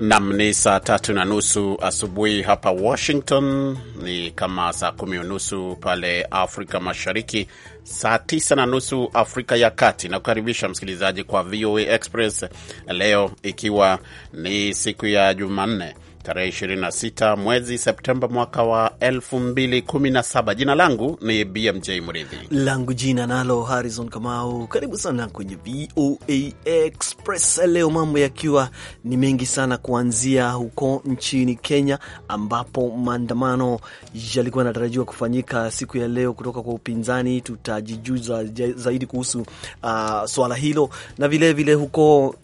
Nam ni saa tatu na nusu asubuhi hapa Washington, ni kama saa kumi unusu pale Afrika Mashariki, saa tisa na nusu Afrika ya Kati. Na kukaribisha msikilizaji kwa VOA Express leo, ikiwa ni siku ya Jumanne tarehe 26 mwezi Septemba mwaka wa 2017. Jina langu ni BMJ Mridhi, langu jina nalo Harrison Kamau. Karibu sana kwenye VOA Express leo, mambo yakiwa ni mengi sana, kuanzia huko nchini Kenya ambapo maandamano yalikuwa yanatarajiwa kufanyika siku ya leo kutoka kwa upinzani. Tutajijuza zaidi kuhusu uh, swala hilo na vilevile vile huko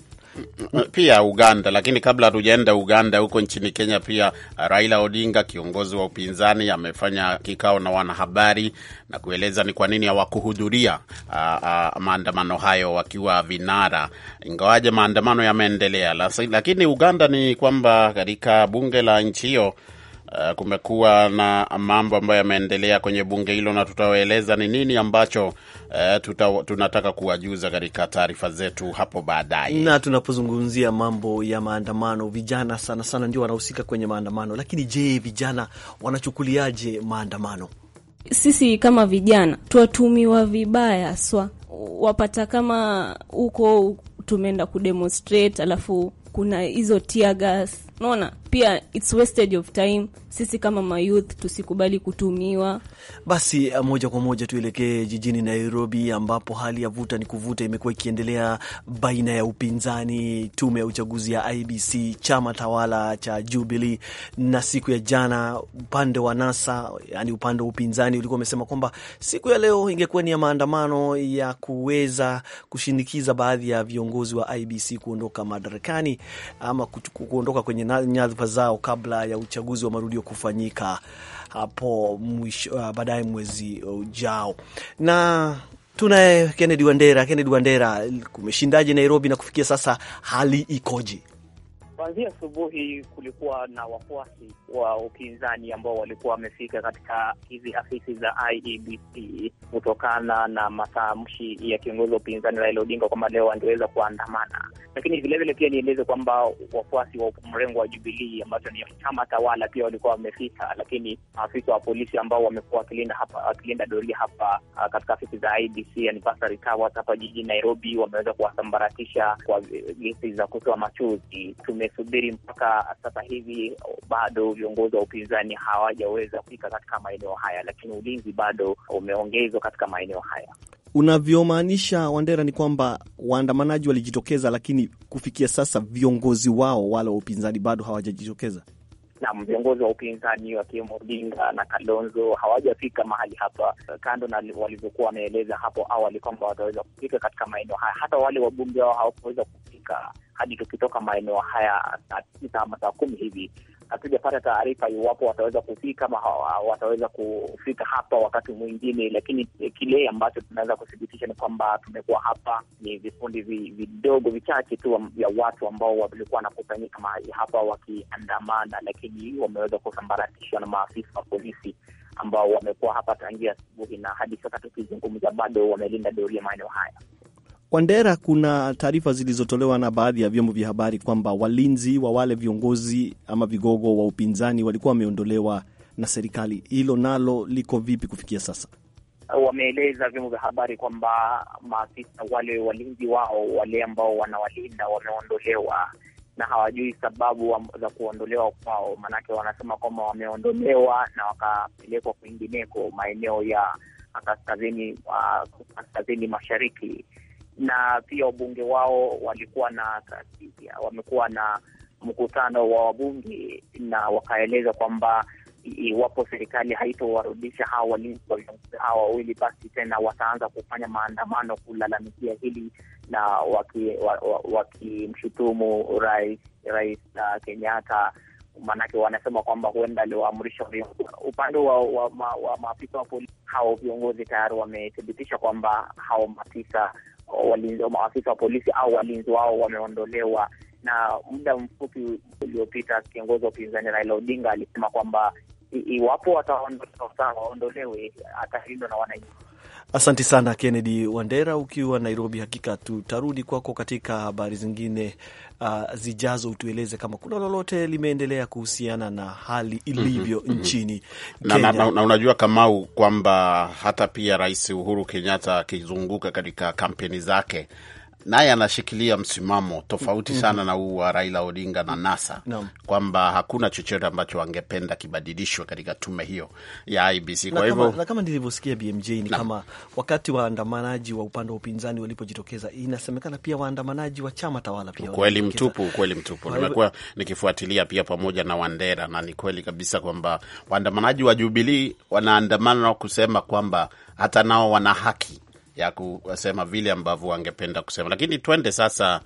pia Uganda. Lakini kabla hatujaenda Uganda, huko nchini Kenya pia uh, Raila Odinga, kiongozi wa upinzani, amefanya kikao na wanahabari na kueleza ni kwa nini hawakuhudhuria uh, uh, maandamano hayo wakiwa vinara, ingawaje maandamano yameendelea. Lakini Uganda ni kwamba katika bunge la nchi hiyo uh, kumekuwa na mambo ambayo yameendelea kwenye bunge hilo, na tutaeleza ni nini ambacho uh, tuta, tunataka kuwajuza katika taarifa zetu hapo baadaye. Na tunapozungumzia mambo ya maandamano, vijana sana sana ndio wanahusika kwenye maandamano. Lakini je, vijana wanachukuliaje maandamano? Sisi kama vijana twatumiwa vibaya swa wapata kama huko tumeenda kudemonstrate, alafu kuna hizo tear gas Unaona, pia it's wasted of time. Sisi kama mayouth tusikubali kutumiwa. Basi eh, moja kwa moja tuelekee jijini Nairobi, ambapo hali ya vuta ni kuvuta imekuwa ikiendelea baina ya upinzani, tume ya uchaguzi ya IBC, chama tawala cha Jubilee, na siku ya jana upande wa NASA, yani upande wa upinzani ulikuwa umesema kwamba siku ya leo ingekuwa ni ya maandamano ya kuweza kushinikiza baadhi ya viongozi wa IBC kuondoka madarakani ama kuondoka kwenye kwenye nyadhifa zao kabla ya uchaguzi wa marudio kufanyika hapo uh, baadaye mwezi ujao. Na tunaye Kennedy Wandera. Kennedy Wandera, kumeshindaje Nairobi na kufikia sasa hali ikoje? Kuanzia asubuhi kulikuwa na wafuasi wa upinzani ambao walikuwa wamefika katika hizi afisi za IEBC kutokana na matamshi ya kiongozi wa upinzani Raila Odinga kwamba leo wangeweza kuandamana. Lakini vilevile pia nieleze kwamba wafuasi wa mrengo wa Jubilii ambacho ni chama tawala pia walikuwa wamefika, lakini maafisa wa polisi ambao wamekuwa wakilinda hapa wakilinda doria hapa ah, katika afisi za IEBC Anniversary Towers hapa jijini Nairobi wameweza kuwasambaratisha kwa gesi za kutoa machozi tume tumesubiri mpaka sasa hivi bado viongozi wa upinzani hawajaweza kufika katika maeneo haya, lakini ulinzi bado umeongezwa katika maeneo haya. Unavyomaanisha Wandera, ni kwamba waandamanaji walijitokeza, lakini kufikia sasa viongozi wao wale wa upinzani bado hawajajitokeza na viongozi wa upinzani wakiwemo Odinga na Kalonzo hawajafika mahali hapa, kando na walivyokuwa wameeleza hapo awali kwamba wataweza kufika katika maeneo haya. Hata wale wabunge wao hawakuweza kufika hadi tukitoka maeneo haya saa tisa ama saa kumi hivi hatujapata taarifa iwapo wataweza kufika ama wataweza kufika hapa wakati mwingine, lakini kile ambacho tunaweza kuthibitisha ni kwamba tumekuwa hapa ni vikundi vidogo vichache tu vya watu ambao walikuwa wanakusanyika mahali hapa wakiandamana, lakini wameweza kusambaratishwa na maafisa wa polisi ambao wamekuwa hapa tangia asubuhi, na hadi sasa tukizungumza bado wamelinda doria maeneo haya kwa ndera kuna taarifa zilizotolewa na baadhi ya vyombo vya habari kwamba walinzi wa wale viongozi ama vigogo wa upinzani walikuwa wameondolewa na serikali. Hilo nalo liko vipi kufikia sasa? Wameeleza vyombo vya habari kwamba maafisa wale walinzi wao wale ambao wanawalinda wameondolewa na hawajui sababu za kuondolewa kwao, maanake wanasema kwamba wameondolewa na wakapelekwa kwingineko maeneo ya kaskazini uh, kaskazini mashariki na pia wabunge wao walikuwa na wamekuwa na mkutano wa wabunge na wakaeleza kwamba iwapo serikali haitowarudisha hawa walinzi hawa wawili, basi tena wataanza kufanya maandamano kulalamikia hili na wakimshutumu waki rais rais uh, Kenyatta. Maanake wanasema kwamba huenda aliwaamrisha upande wa, wa, wa, wa maafisa wa polisi. Hao viongozi tayari wamethibitisha kwamba hao maafisa walinzi maafisa wa polisi au walinzi wao wameondolewa. Na muda mfupi uliopita kiongozi wa upinzani Raila Odinga alisema kwamba iwapo wataondolewa, waondolewe atalindwa na wananchi. Asante sana Kennedy Wandera ukiwa Nairobi. Hakika tutarudi kwako katika habari zingine uh, zijazo, utueleze kama kuna lolote limeendelea kuhusiana na hali mhm, ilivyo mm -hmm, nchini na, Kenya. Na, na, na unajua Kamau kwamba hata pia Rais Uhuru Kenyatta akizunguka katika kampeni zake naye anashikilia msimamo tofauti mhm. sana mm -hmm. na huu wa Raila Odinga na NASA no. kwamba hakuna chochote ambacho angependa kibadilishwe katika tume hiyo ya IBC. Kwa hivyo, na kama nilivyosikia BMJ ni na, kama wakati waandamanaji wa upande wa upinzani walipojitokeza, inasemekana pia waandamanaji wa chama tawala pia. Ukweli mtupu, ukweli mtupu. Nimekuwa nikifuatilia pia pamoja na Wandera, na ni kweli kabisa kwamba waandamanaji wa jubilii wanaandamana kusema kwamba hata nao wana haki ya kusema vile ambavyo wangependa kusema. Lakini twende sasa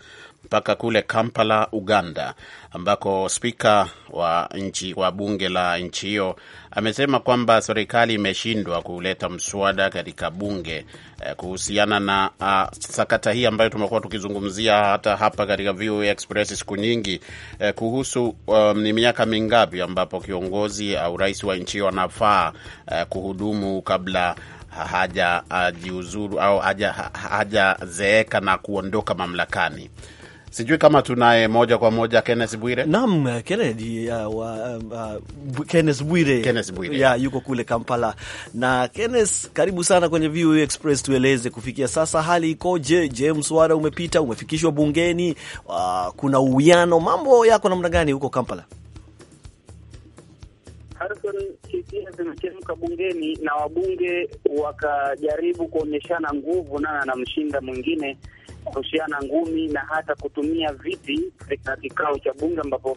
mpaka kule Kampala, Uganda, ambako spika wa nchi wa bunge la nchi hiyo amesema kwamba serikali imeshindwa kuleta mswada katika bunge eh, kuhusiana na uh, sakata hii ambayo tumekuwa tukizungumzia hata hapa katika VOA Express siku nyingi eh, kuhusu um, ni miaka mingapi ambapo kiongozi au uh, rais wa nchi hiyo anafaa uh, kuhudumu kabla hajajiuzuru au hajazeeka na kuondoka mamlakani. Sijui kama tunaye moja kwa moja Kenneth Bwire. Naam, eh, Kennedy uh, uh, eh, uh, eh, Kenneth Bwire. Kenneth Bwire. Ya, yuko kule Kampala. Na Kenneth, karibu sana kwenye VOA Express, tueleze kufikia sasa hali ikoje? Je, mswada umepita, umefikishwa bungeni? Uh, kuna uwiano, mambo yako namna gani huko Kampala? Harrison Sisia zimechemka bungeni na wabunge wakajaribu kuonyeshana nguvu, nana na mshinda mwingine, kurushiana ngumi na hata kutumia viti katika kikao cha bunge ambapo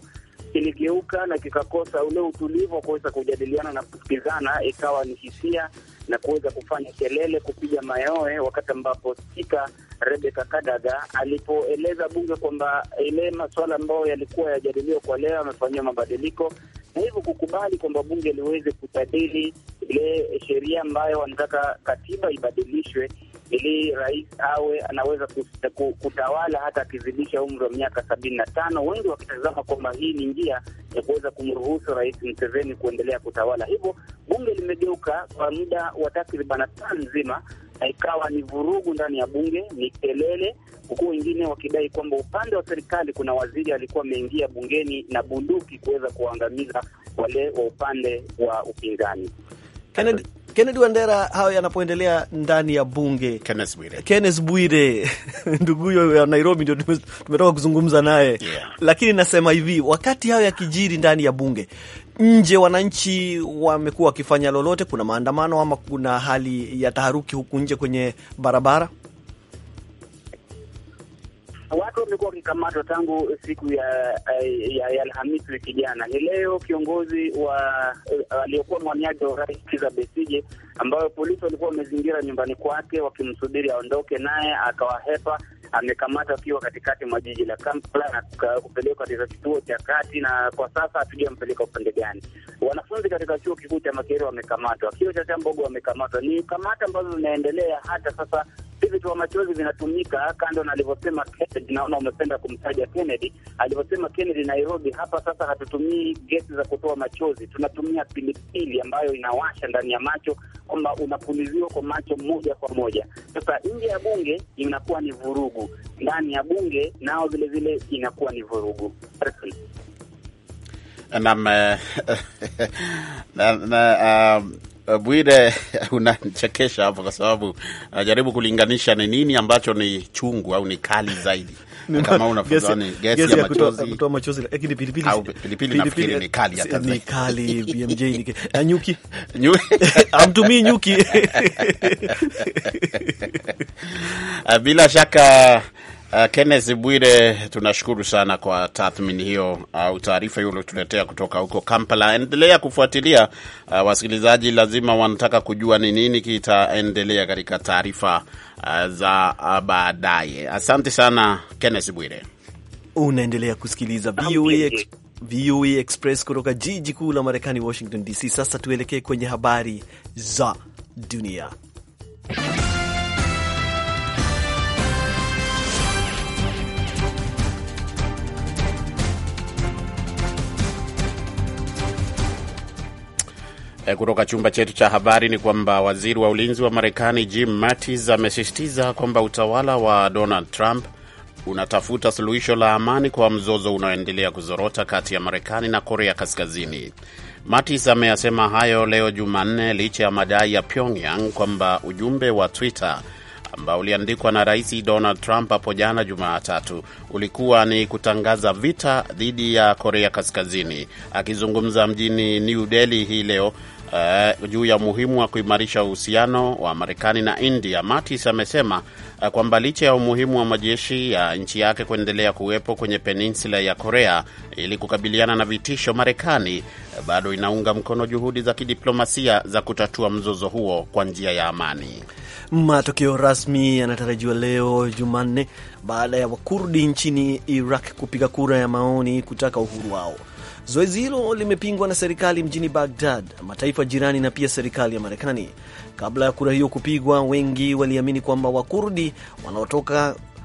kiligeuka na kikakosa ule utulivu wa kuweza kujadiliana na kusikizana, ikawa ni hisia na kuweza kufanya kelele, kupiga mayowe, wakati ambapo spika rebeka Kadaga alipoeleza bunge kwamba ile masuala ambayo yalikuwa yajadiliwa kwa leo yamefanyiwa mabadiliko na hivyo kukubali kwamba bunge liweze kujadili ile sheria ambayo wanataka katiba ibadilishwe ili rais awe anaweza kutawala hata akizidisha umri wa miaka sabini na tano, wengi wakitazama kwamba hii ni njia ya kuweza kumruhusu Rais Mseveni kuendelea kutawala. Hivyo bunge limegeuka kwa muda wa takriban saa nzima, na ikawa ni vurugu ndani ya bunge, ni kelele, huku wengine wakidai kwamba upande wa serikali kuna waziri alikuwa ameingia bungeni na bunduki kuweza kuwaangamiza wale wa upande wa upinzani. Kennedy, Kennedy Wandera, hayo yanapoendelea ndani ya bunge. Kenneth Bwire, Kenneth Bwire ndugu huyo ya Nairobi ndio tumetoka kuzungumza naye yeah. Lakini nasema hivi, wakati hayo yakijiri ndani ya bunge nje wananchi wamekuwa wakifanya lolote? Kuna maandamano ama kuna hali ya taharuki huku nje kwenye barabara? Watu wamekuwa wakikamatwa tangu siku eh, ya Alhamisi wiki jana. ni leo kiongozi wa eh, aliyokuwa mwaniaji wa rais Kiza Besije, ambayo polisi walikuwa wamezingira nyumbani kwake wakimsubiri aondoke, naye akawahepa amekamata akiwa katikati mwa jiji la Kampala na kupelekwa katika kituo cha kati, na kwa sasa hatujampeleka upande gani. Wanafunzi katika chuo kikuu cha Makerere wamekamatwa, kio cha Chambogo wamekamatwa. Ni kamata ambazo zinaendelea hata sasa vitoa machozi vinatumika kando na alivyosema Kennedy. Naona umependa kumtaja Kennedy, alivyosema Kennedy Nairobi. Hapa sasa hatutumii gesi za kutoa machozi, tunatumia pilipili ambayo inawasha ndani ya macho, kwamba unapuliziwa kwa macho moja kwa moja. Sasa nje ya bunge inakuwa ni vurugu, ndani ya bunge nao vilevile inakuwa ni vurugu. Naam. Eh, um, Eh, Bwire, unachekesha hapo kwa sababu najaribu eh, kulinganisha ni nini ambacho ni chungu au ni kali zaidi. Kama unafahamu ni gesi ya machozi, kutoa machozi, lakini pilipili au pilipili nafikiri ni kali hata ni kali BMJ ni na nyuki amtumii nyuki eh, bila shaka Uh, Kenneth Bwire, tunashukuru sana kwa tathmini hiyo au uh, taarifa hiyo uliotuletea kutoka huko Kampala. Endelea kufuatilia uh, wasikilizaji lazima wanataka kujua ni nini kitaendelea katika taarifa uh, za uh, baadaye. Asante sana Kenneth Bwire. Unaendelea kusikiliza VOA, VOA Express kutoka jiji kuu la Marekani Washington DC. Sasa tuelekee kwenye habari za dunia. Eh, kutoka chumba chetu cha habari ni kwamba waziri wa ulinzi wa Marekani Jim Mattis amesisitiza kwamba utawala wa Donald Trump unatafuta suluhisho la amani kwa mzozo unaoendelea kuzorota kati ya Marekani na Korea Kaskazini. Mattis ameyasema hayo leo Jumanne licha ya madai ya Pyongyang kwamba ujumbe wa Twitter ambao uliandikwa na Rais Donald Trump hapo jana Jumatatu ulikuwa ni kutangaza vita dhidi ya Korea Kaskazini. Akizungumza mjini New Delhi hii leo, uh, juu ya umuhimu wa kuimarisha uhusiano wa Marekani na India, Mattis amesema uh, kwamba licha ya umuhimu wa majeshi ya nchi yake kuendelea kuwepo kwenye peninsula ya Korea ili kukabiliana na vitisho, Marekani uh, bado inaunga mkono juhudi za kidiplomasia za kutatua mzozo huo kwa njia ya amani. Matokeo rasmi yanatarajiwa leo Jumanne baada ya Wakurdi nchini Iraq kupiga kura ya maoni kutaka uhuru wao. Zoezi hilo limepingwa na serikali mjini Bagdad, mataifa jirani na pia serikali ya Marekani. Kabla ya kura hiyo kupigwa, wengi waliamini kwamba Wakurdi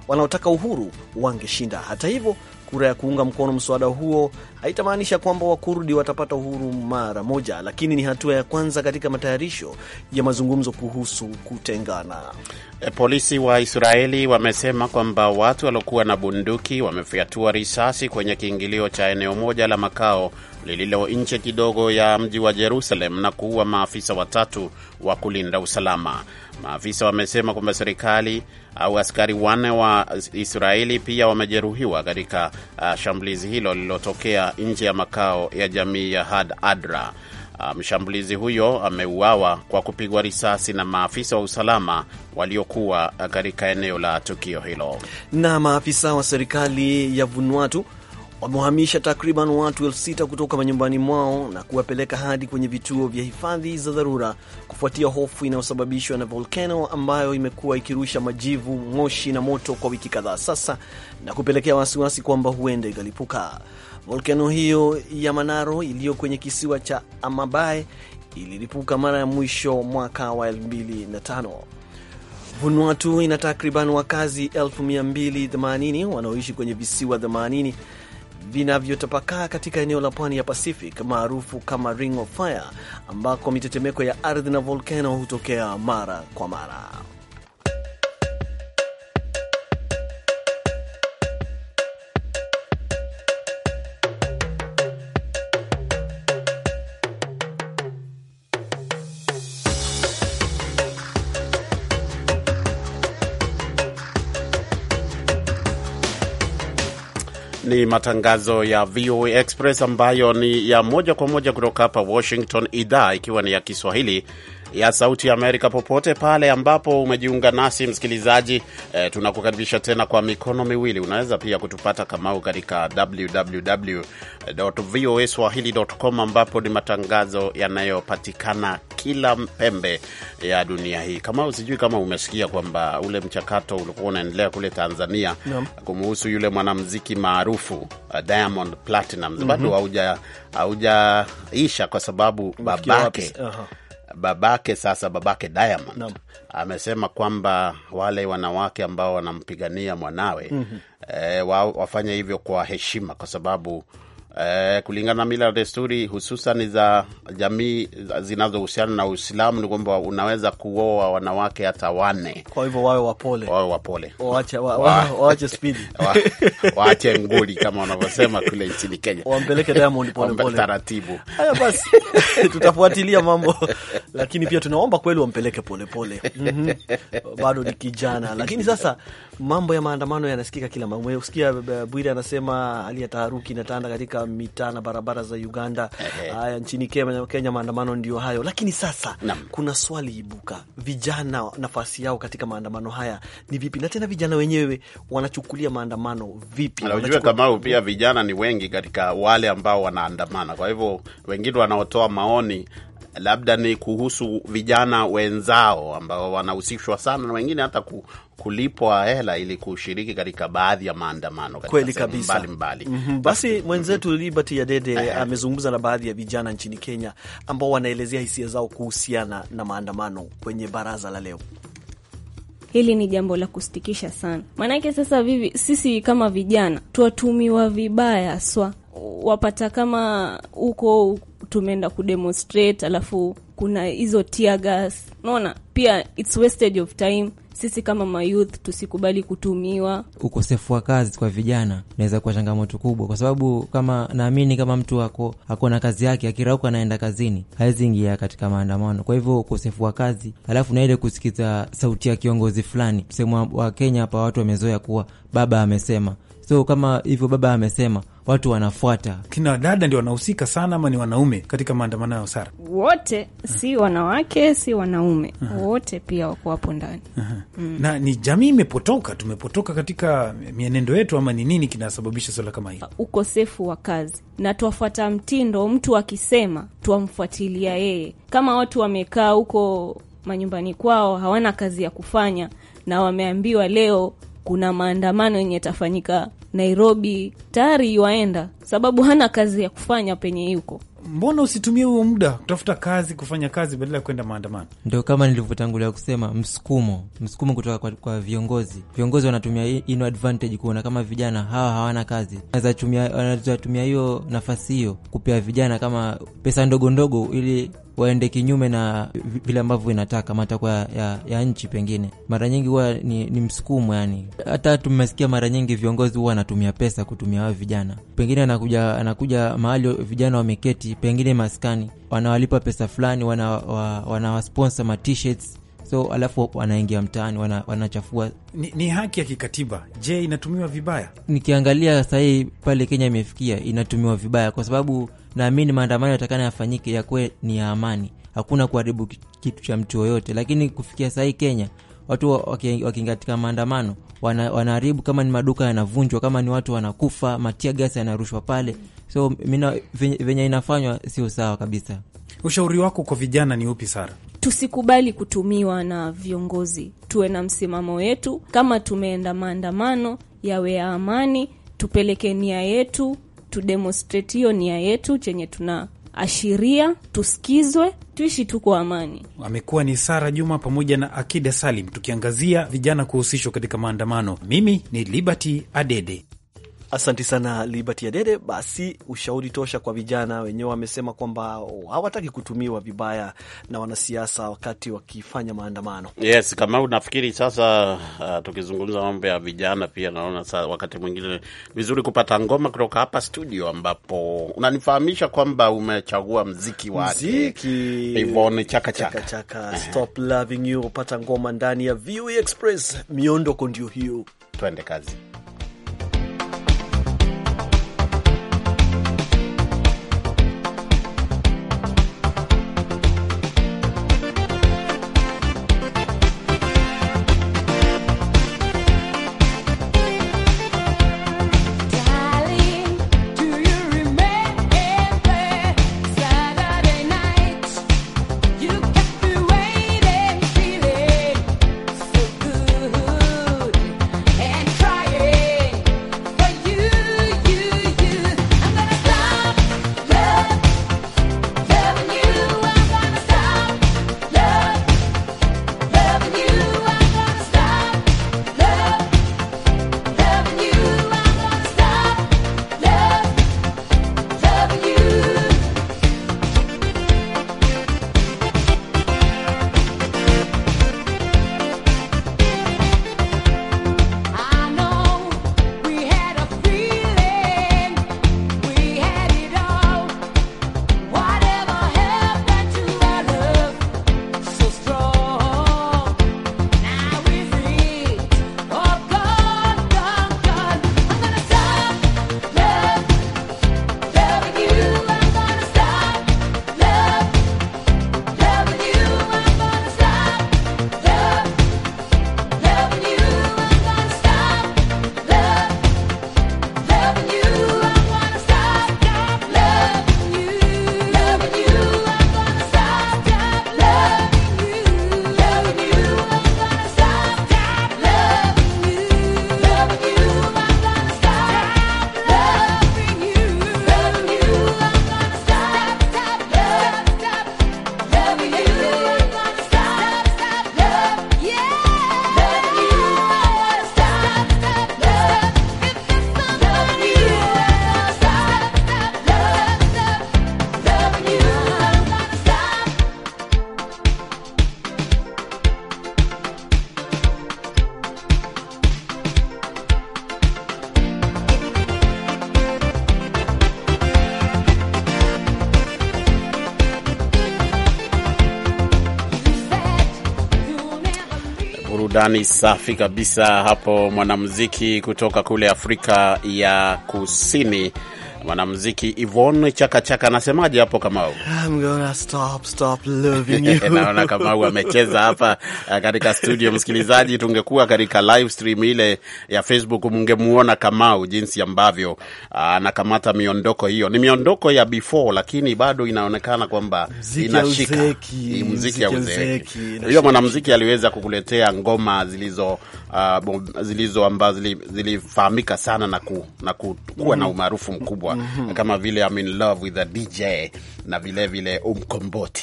wanaotaka uhuru wangeshinda. Hata hivyo, Kura ya kuunga mkono mswada huo haitamaanisha kwamba Wakurdi watapata uhuru mara moja, lakini ni hatua ya kwanza katika matayarisho ya mazungumzo kuhusu kutengana. E, polisi wa Israeli wamesema kwamba watu waliokuwa na bunduki wamefyatua risasi kwenye kiingilio cha eneo moja la makao lililo nje kidogo ya mji wa Jerusalem na kuua maafisa watatu wa kulinda usalama. Maafisa wamesema kwamba serikali au askari wanne wa Israeli pia wamejeruhiwa katika uh, shambulizi hilo lililotokea nje ya makao ya jamii ya Had Adra. Mshambulizi um, huyo ameuawa kwa kupigwa risasi na maafisa wa usalama waliokuwa uh, katika eneo la tukio hilo. Na maafisa wa serikali ya Vanuatu wamewahamisha takriban watu elfu sita kutoka manyumbani mwao na kuwapeleka hadi kwenye vituo vya hifadhi za dharura kufuatia hofu inayosababishwa na volkano ambayo imekuwa ikirusha majivu, moshi na moto kwa wiki kadhaa sasa na kupelekea wasiwasi kwamba huenda ikalipuka. Volkano hiyo ya Manaro iliyo kwenye kisiwa cha Amabae ililipuka mara ya mwisho mwaka wa 2005. Vanuatu ina takriban wakazi 280 wanaoishi kwenye visiwa vinavyotapakaa katika eneo la pwani ya Pacific maarufu kama Ring of Fire, ambako mitetemeko ya ardhi na volcano hutokea mara kwa mara. ni matangazo ya VOA Express ambayo ni ya moja kwa moja kutoka hapa Washington, idhaa ikiwa ni ya Kiswahili ya Sauti ya Amerika popote pale ambapo umejiunga nasi msikilizaji. E, tunakukaribisha tena kwa mikono miwili. Unaweza pia kutupata Kamau katika www.voaswahili.com ambapo ni matangazo yanayopatikana kila pembe ya dunia hii. Kamau, sijui kama umesikia kwamba ule mchakato ulikuwa unaendelea kule Tanzania no. kumuhusu yule mwanamziki maarufu uh, Diamond Platinum mhm. bado mm -hmm. haujaisha kwa sababu babake babake sasa, babake Diamond no. amesema kwamba wale wanawake ambao wanampigania mwanawe mm -hmm. e, wa, wafanye hivyo kwa heshima, kwa sababu Eh, kulingana na mila na desturi hususan za jamii zinazohusiana na Uislamu ni kwamba unaweza kuoa wanawake hata wanne. Kwa hivyo wawe wapole, wawe wapole, waache wa, wa, waache spidi wa, waache nguli kama wanavyosema kule nchini Kenya, wampeleke Diamond pole pole, taratibu. Haya basi, tutafuatilia mambo, lakini pia tunaomba kweli wampeleke pole pole. Mm -hmm. Bado ni kijana, lakini sasa mambo ya maandamano yanasikika kila mahali. Usikia eh, Bwire anasema hali ya taharuki inatanda katika mitaa na barabara za Uganda. Haya, nchini Kenya, Kenya maandamano ndio hayo, lakini sasa na kuna swali ibuka, vijana nafasi yao katika maandamano haya ni vipi? Na tena vijana wenyewe wanachukulia maandamano vipi? Unajua Kamau, pia vijana ni wengi katika wale ambao wanaandamana, kwa hivyo wengine wanaotoa maoni labda ni kuhusu vijana wenzao ambao wanahusishwa sana na wengine hata ku, kulipwa hela ili kushiriki katika baadhi ya maandamano kweli kabisa mm -hmm. Basi mwenzetu mm -hmm. Liberty Yadede eh, eh. amezungumza na baadhi ya vijana nchini Kenya ambao wanaelezea hisia zao kuhusiana na maandamano kwenye baraza la leo. Hili ni jambo la kusitikisha sana, maanake sasa vivi, sisi kama vijana twatumiwa vibaya swa wapata kama huko tumeenda kudemonstrate, alafu kuna hizo tear gas. Unaona, pia it's wastage of time. Sisi kama mayouth tusikubali kutumiwa. Ukosefu wa kazi kwa vijana unaweza kuwa changamoto kubwa, kwa sababu kama naamini kama mtu ako ako na kazi yake, akirauka anaenda kazini, hawezi ingia katika maandamano. Kwa hivyo ukosefu wa kazi, alafu naile kusikiza sauti ya kiongozi fulani. Sehemu wa Kenya hapa watu wamezoea kuwa baba amesema So kama hivyo baba amesema, watu wanafuata. Kina dada ndio wanahusika sana, ama ni wanaume katika maandamano ya Sara? Wote, si wanawake si wanaume. Aha. Wote pia wako hapo ndani. Mm. Na ni jamii imepotoka, tumepotoka katika mienendo yetu, ama ni nini kinasababisha swala kama hili? Uh, ukosefu wa kazi na twafuata mtindo, mtu akisema twamfuatilia yeye. Kama watu wamekaa huko manyumbani kwao hawana kazi ya kufanya na wameambiwa leo kuna maandamano yenye yatafanyika Nairobi, tayari iwaenda sababu hana kazi ya kufanya penye yuko. Mbona usitumie huo muda kutafuta kazi, kufanya kazi badala ya kwenda maandamano? Ndio kama nilivyotangulia kusema, msukumo, msukumo kutoka kwa, kwa viongozi. Viongozi wanatumia ino advantage kuona kama vijana hawa hawana kazi, tumia hiyo nafasi hiyo kupea vijana kama pesa ndogo ndogo, ili waende kinyume na vile ambavyo inataka matakwa ya, ya nchi. Pengine mara nyingi huwa ni, ni msukumo yani. Hata tumesikia mara nyingi viongozi huwa anatumia pesa kutumia wao vijana, pengine anakuja, anakuja mahali vijana wameketi, pengine maskani, wanawalipa pesa fulani, wanawasponsa wana ma so alafu wanaingia mtaani wana, wanachafua. Ni, ni haki ya kikatiba. Je, inatumiwa vibaya? Nikiangalia sahii pale Kenya imefikia inatumiwa vibaya, kwa sababu naamini maandamano yatakana yafanyike yakuwe ni ya amani, hakuna kuharibu kitu cha mtu yoyote, lakini kufikia sahii Kenya watu katika maandamano wanaharibu, kama ni maduka yanavunjwa, kama ni watu wanakufa, matia gasi yanarushwa pale. So mina, venye inafanywa sio sawa kabisa. Ushauri wako kwa vijana ni upi, Sara? Tusikubali kutumiwa na viongozi, tuwe na msimamo wetu. Kama tumeenda maandamano, yawe ya amani, tupeleke nia yetu, tudemonstrate hiyo nia yetu chenye tuna ashiria tusikizwe, tuishi tu kwa amani. Amekuwa ni Sara Juma pamoja na Akida Salim tukiangazia vijana kuhusishwa katika maandamano. Mimi ni Liberty Adede. Asante sana Liberty Adede. Basi ushauri tosha kwa vijana wenyewe, wamesema kwamba hawataki kutumiwa vibaya na wanasiasa wakati wakifanya maandamano. Yes, kama unafikiri sasa, uh, tukizungumza mambo ya vijana pia naona wakati mwingine vizuri kupata ngoma kutoka hapa studio, ambapo unanifahamisha kwamba umechagua mziki wake Chaka, Chaka, Chaka. Stop loving you, upata ngoma ndani ya VOA e Express. Miondoko ndio hiyo, twende kazi. Burudani safi kabisa hapo, mwanamuziki kutoka kule Afrika ya Kusini Mwanamuziki Yvonne Chaka Chaka anasemaje hapo Kamau? I'm gonna stop, stop loving you. Naona Kamau amecheza hapa eh, katika studio. Msikilizaji, tungekuwa katika live stream ile ya Facebook mungemuona Kamau jinsi ambavyo ah, anakamata miondoko hiyo. Ni miondoko ya before, lakini bado inaonekana kwamba inashika muziki ya uzeeki. Huyo mwanamuziki aliweza kukuletea ngoma zilizo uh, zilizo ambazo zilifahamika sana na ku, na ku, kuwa mm, na umaarufu mkubwa mm -hmm. kama vile I'm in love with a DJ na vilevile umkomboti.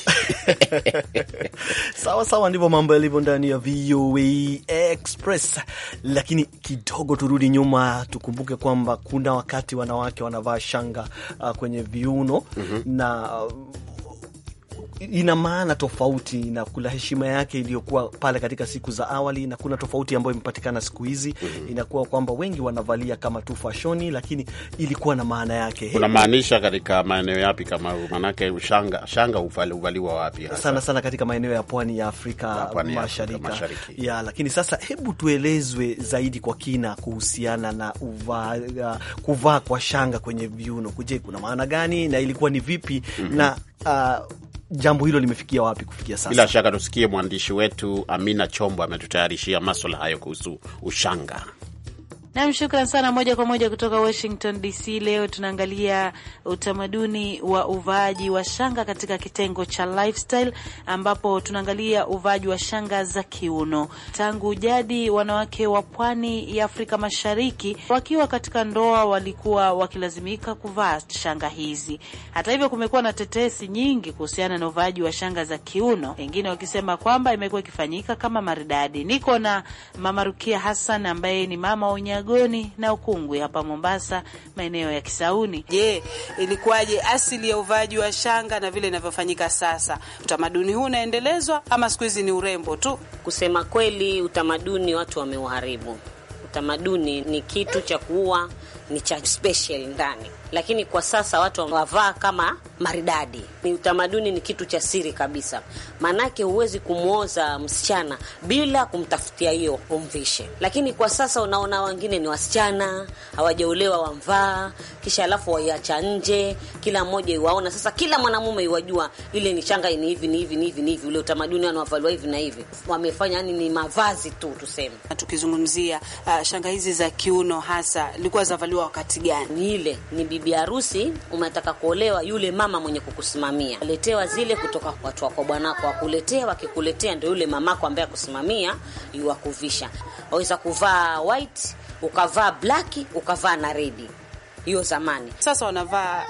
Sawa sawa, ndivyo mambo yalivyo ndani ya VOA Express. Lakini kidogo turudi nyuma, tukumbuke kwamba kuna wakati wanawake wanavaa shanga uh, kwenye viuno mm -hmm. na uh, ina maana tofauti na kuna heshima yake iliyokuwa pale katika siku za awali, na kuna tofauti ambayo imepatikana siku hizi mm -hmm. Inakuwa kwamba wengi wanavalia kama tu fashoni, lakini ilikuwa na maana yake. Unamaanisha katika maeneo yapi? Kama manake shanga, shanga huvaliwa wapi hasa? Sana sana katika maeneo ya pwani ya Afrika Mashariki ya, lakini sasa, hebu tuelezwe zaidi kwa kina kuhusiana na uva, uh, kuvaa kwa shanga kwenye viuno. Je, kuna maana gani na ilikuwa ni vipi? mm -hmm. na uh, jambo hilo limefikia wapi kufikia sasa. Bila shaka tusikie mwandishi wetu Amina Chombo ametutayarishia maswala hayo kuhusu ushanga. Nam, shukran sana. Moja kwa moja kutoka Washington DC, leo tunaangalia utamaduni wa uvaaji wa shanga katika kitengo cha lifestyle, ambapo tunaangalia uvaaji wa shanga za kiuno. Tangu jadi, wanawake wa pwani ya Afrika Mashariki wakiwa katika ndoa walikuwa wakilazimika kuvaa shanga hizi. Hata hivyo, kumekuwa na tetesi nyingi kuhusiana na uvaaji wa shanga za kiuno, wengine wakisema kwamba imekuwa ikifanyika kama maridadi. Niko na Mama Rukia Hassan ambaye ni mama Onyaga Nyang'agoni na Ukungwi hapa Mombasa, maeneo ya Kisauni. Je, ilikuwaje asili ya uvaaji wa shanga na vile inavyofanyika sasa? Utamaduni huu unaendelezwa ama siku hizi ni urembo tu? Kusema kweli, utamaduni watu wameuharibu. Utamaduni ni kitu cha kuua ni cha special ndani, lakini kwa sasa watu wavaa kama maridadi. Ni utamaduni, ni kitu cha siri kabisa, maanake huwezi kumwoza msichana bila kumtafutia hiyo umvishe. Lakini kwa sasa unaona wengine ni wasichana hawajaolewa, wamvaa kisha alafu waiacha nje, kila mmoja iwaona. Sasa kila mwanamume iwajua ile ni changa, ni hivi ni hivi ni hivi ni hivi, ule utamaduni wanavaliwa hivi na hivi, wamefanya yani ni mavazi tu tuseme. Tukizungumzia uh, shanga hizi za kiuno hasa likuwa za umeandaliwa wakati gani? Ile ni bibi harusi, unataka kuolewa, yule mama mwenye kukusimamia aletewa zile kutoka kwa watu wako, bwanako wakuletea, wakikuletea ndio yule mamako ambaye akusimamia yuwakuvisha. Waweza kuvaa white, ukavaa black, ukavaa na red hiyo zamani. Sasa wanavaa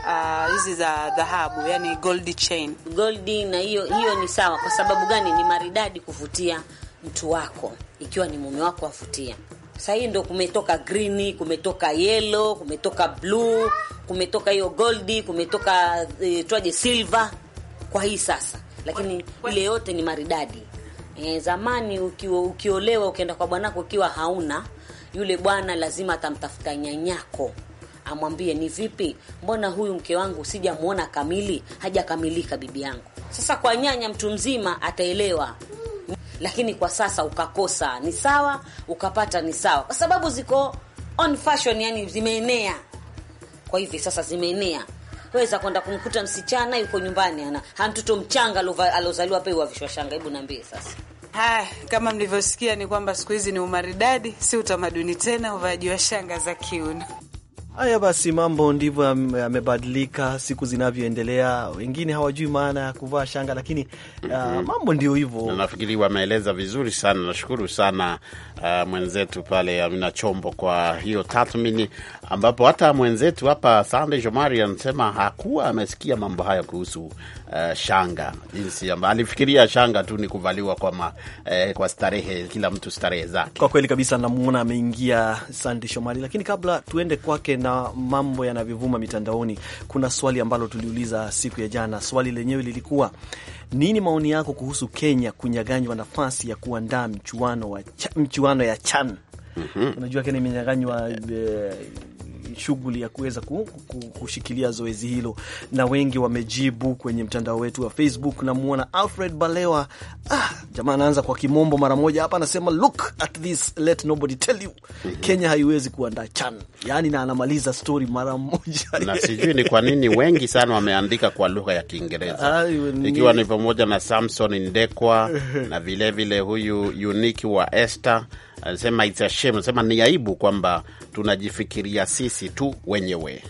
uh, hizi uh, za dhahabu, yani gold chain, gold na hiyo hiyo. Ni sawa. Kwa sababu gani? Ni maridadi kuvutia mtu wako, ikiwa ni mume wako avutia Sahii ndo kumetoka green, kumetoka yellow, kumetoka blue, kumetoka hiyo goldi, kumetoka e, twaje silver kwa hii sasa, lakini ile yote ni maridadi. E, zamani ukiwa ukiolewa ukienda kwa bwanako ukiwa hauna yule bwana lazima atamtafuta nyanyako amwambie, ni vipi, mbona huyu mke wangu sijamwona kamili, hajakamilika bibi yangu. Sasa kwa nyanya mtu mzima ataelewa lakini kwa sasa ukakosa ni sawa, ukapata ni sawa, kwa sababu ziko on fashion, yani zimeenea kwa hivi sasa, zimeenea weza kwenda kumkuta msichana yuko nyumbani ana hamtoto mchanga alozaliwa pe wavishwa shanga. Hebu niambie sasa. Haya, kama mlivyosikia ni kwamba siku hizi ni umaridadi, si utamaduni tena uvaaji wa shanga za kiuno. Haya basi, mambo ndivyo yamebadilika siku zinavyoendelea. Wengine hawajui maana ya kuvaa shanga, lakini uh, mambo ndio hivyo. Na nafikiri wameeleza vizuri sana. Nashukuru sana uh, mwenzetu pale Amina Chombo kwa hiyo tathmini ambapo hata mwenzetu hapa Sande Shomari anasema hakuwa amesikia mambo haya kuhusu uh, shanga, jinsi alifikiria shanga tu ni kuvaliwa kwa, ma, eh, kwa starehe, kila mtu starehe zake. Kwa kweli kabisa, namwona ameingia Sande Shomari, lakini kabla tuende kwake na mambo yanavyovuma mitandaoni, kuna swali ambalo tuliuliza siku ya jana. Swali lenyewe lilikuwa nini maoni yako kuhusu Kenya kunyaganywa nafasi ya kuandaa mchuano, mchuano ya CHAN? Mm -hmm. Kenya imenyaganywa eh, shughuli ya kuweza kushikilia zoezi hilo, na wengi wamejibu kwenye mtandao wetu wa Facebook. Namwona Alfred Balewa, ah, jamaa anaanza kwa kimombo mara moja hapa, anasema look at this, let nobody tell you mhm. Kenya haiwezi kuandaa CHAN, yani na anamaliza stori mara moja na sijui ni kwa nini wengi sana wameandika kwa lugha ya Kiingereza ikiwa ni pamoja na Samson Ndekwa na vilevile vile huyu Uniki wa Esther anasema it's a shame, anasema ni aibu kwamba tunajifikiria sisi tu wenyewe.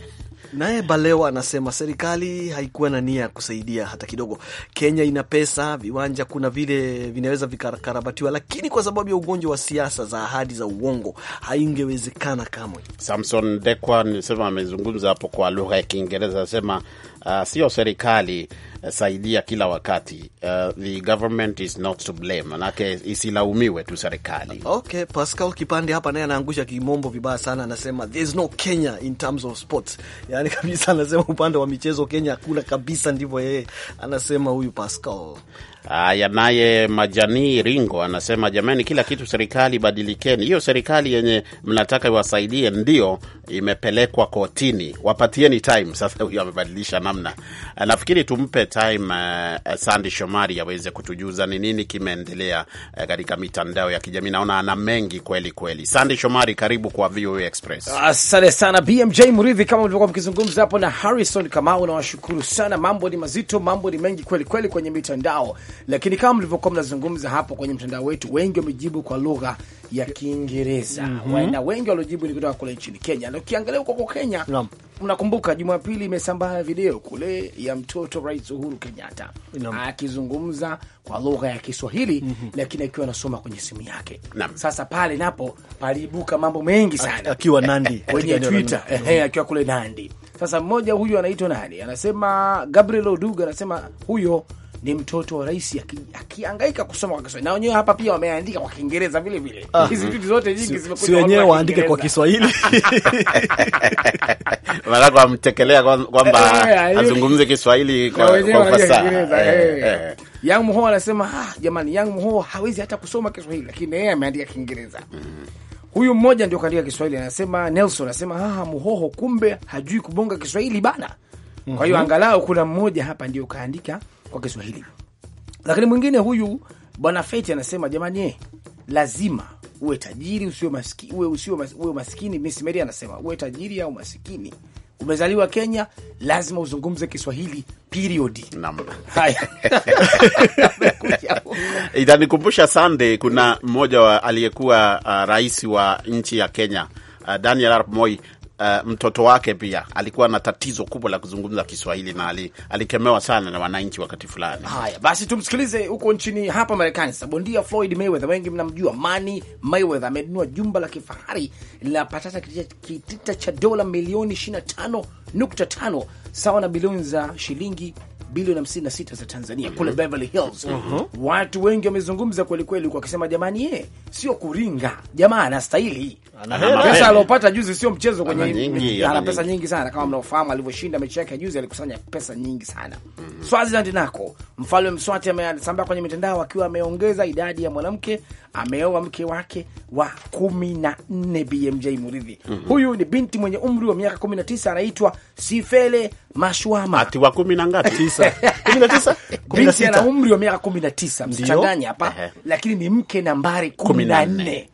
Naye Balewa anasema serikali haikuwa na nia ya kusaidia hata kidogo. Kenya ina pesa, viwanja kuna vile vinaweza vikakarabatiwa, lakini kwa sababu ya ugonjwa wa siasa za ahadi za uongo haingewezekana kamwe. Samson Dekwa nisema amezungumza hapo kwa lugha ya Kiingereza, anasema uh, sio serikali eh, saidia kila wakati. Uh, the government is not to blame, manake isilaumiwe tu serikali. Okay, Pascal Kipande hapa naye anaangusha kimombo vibaya sana, anasema there is no Kenya in terms of sports, yani kabisa, anasema upande wa michezo Kenya hakuna kabisa, ndivyo yeye anasema huyu Pascal. Aya, naye Majani Ringo anasema jamani, kila kitu serikali badilikeni. Hiyo serikali yenye mnataka iwasaidie ndio imepelekwa kotini, wapatieni time. Sasa huyo amebadilisha namna. Nafikiri tumpe time uh, Sandi Shomari aweze kutujuza ni nini kimeendelea uh, katika mitandao ya kijamii. Naona ana mengi kweli kweli. Sandi Shomari, karibu kwa VOA Express. Asante uh, sana BMJ Mridhi, kama ulivyokuwa mkizungumza hapo na Harrison Kamau, nawashukuru sana. Mambo ni mazito, mambo ni mengi kweli kweli kwenye mitandao lakini kama mlivyokuwa mnazungumza hapo kwenye mtandao wetu, wengi wamejibu kwa lugha ya Kiingereza mm -hmm. na wengi waliojibu ni kutoka kule nchini Kenya, na ukiangalia huko kwa Kenya no. Mnakumbuka Jumapili imesambaa video kule ya mtoto Rais Uhuru Kenyatta no. akizungumza kwa lugha ya Kiswahili mm -hmm. lakini akiwa anasoma kwenye simu yake no. Sasa pale napo paliibuka mambo mengi sana akiwa Nandi kwenye Twitter akiwa kule Nandi. Sasa mmoja huyu anaitwa nani, anasema Gabriel Oduga, anasema huyo ni mtoto wa rais akihangaika kusoma kwa Kiswahili, na wenyewe hapa pia wameandika kwa Kiingereza vile vile. Ah, Hizi mm. vitu zote nyingi zimekuja, si wenyewe waandike kwa Kiswahili, mara kwa mtekelea kwamba eh, eh, eh, azungumze Kiswahili kwa ufasaha. Yang Mho anasema ah, jamani, Yang Mho hawezi hata kusoma Kiswahili, lakini yeye ameandika Kiingereza. Mm. Huyu mmoja ndio kaandika Kiswahili, anasema Nelson anasema ah, Mhoho kumbe hajui kubonga Kiswahili bana. Kwa hiyo mhm. angalau kuna mmoja hapa ndio kaandika kwa Kiswahili. Lakini mwingine huyu bwana Feti anasema jamani, lazima uwe tajiri usiwe maskini, uwe usiwe uwe maskini. Miss Mary anasema uwe tajiri au masikini umezaliwa Kenya, lazima uzungumze Kiswahili period. Haya, itanikumbusha Sunday, kuna mmoja aliyekuwa uh, rais wa nchi ya Kenya uh, Daniel Arap Moi Eh, mtoto wake pia alikuwa na tatizo kubwa la kuzungumza Kiswahili na ali, alikemewa sana na wananchi wakati fulani. Haya basi, tumsikilize huko nchini hapa Marekani. Sasa bondia Floyd Mayweather, wengi mnamjua Manny Mayweather, amenunua jumba la kifahari linapatata kitita cha dola milioni 25.5 sawa na bilioni za shilingi bilioni 56 za Tanzania kule mm-hmm. Beverly Hills. Mm-hmm. Watu wengi wamezungumza kwelikweli, wakisema jamani, ye sio kuringa, jamaa anastahili pesa aliopata juzi, sio mchezo kwenye, ana pesa nyingi sana kama mnaofahamu, alivyoshinda mechi yake juzi alikusanya pesa nyingi sana. Mm-hmm. Swaziland nako mfalme Mswati amesambaa kwenye mitandao akiwa ameongeza idadi ya mwanamke ameoa mke wake wa kumi na nne BMJ Muridhi. mm -hmm. Huyu ni binti mwenye umri wa miaka kumi na tisa anaitwa Sifele Mashwama. Ati wa kumi na ngapi? Tisa. Kumi na tisa? Binti ana umri wa miaka kumi na tisa, msichanganye hapa, lakini ni mke nambari oh, kumi na nne.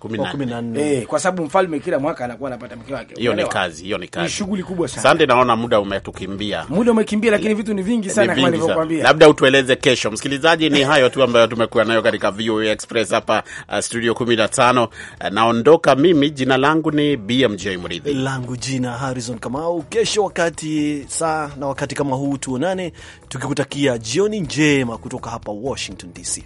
Eh, kwa sababu mfalme kila mwaka anakuwa anapata mke wake. Hiyo ni kazi, hiyo ni kazi. Ni shughuli kubwa sana. Asante, naona muda umetukimbia. Muda umekimbia, lakini vitu ni vingi sana kama nilivyokuambia. Labda utueleze kesho. Msikilizaji, ni hayo tu ambayo tumekuwa nayo katika VOA Express hapa Eh, studio 15. Eh, naondoka mimi, jina langu ni BMJ Mridhi, langu jina Harrison Kamau. Kesho wakati saa na wakati kama huu tuonane, tukikutakia jioni njema kutoka hapa Washington DC.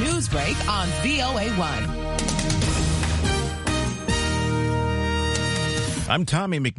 News Break on VOA1. I'm Tommy McNeil.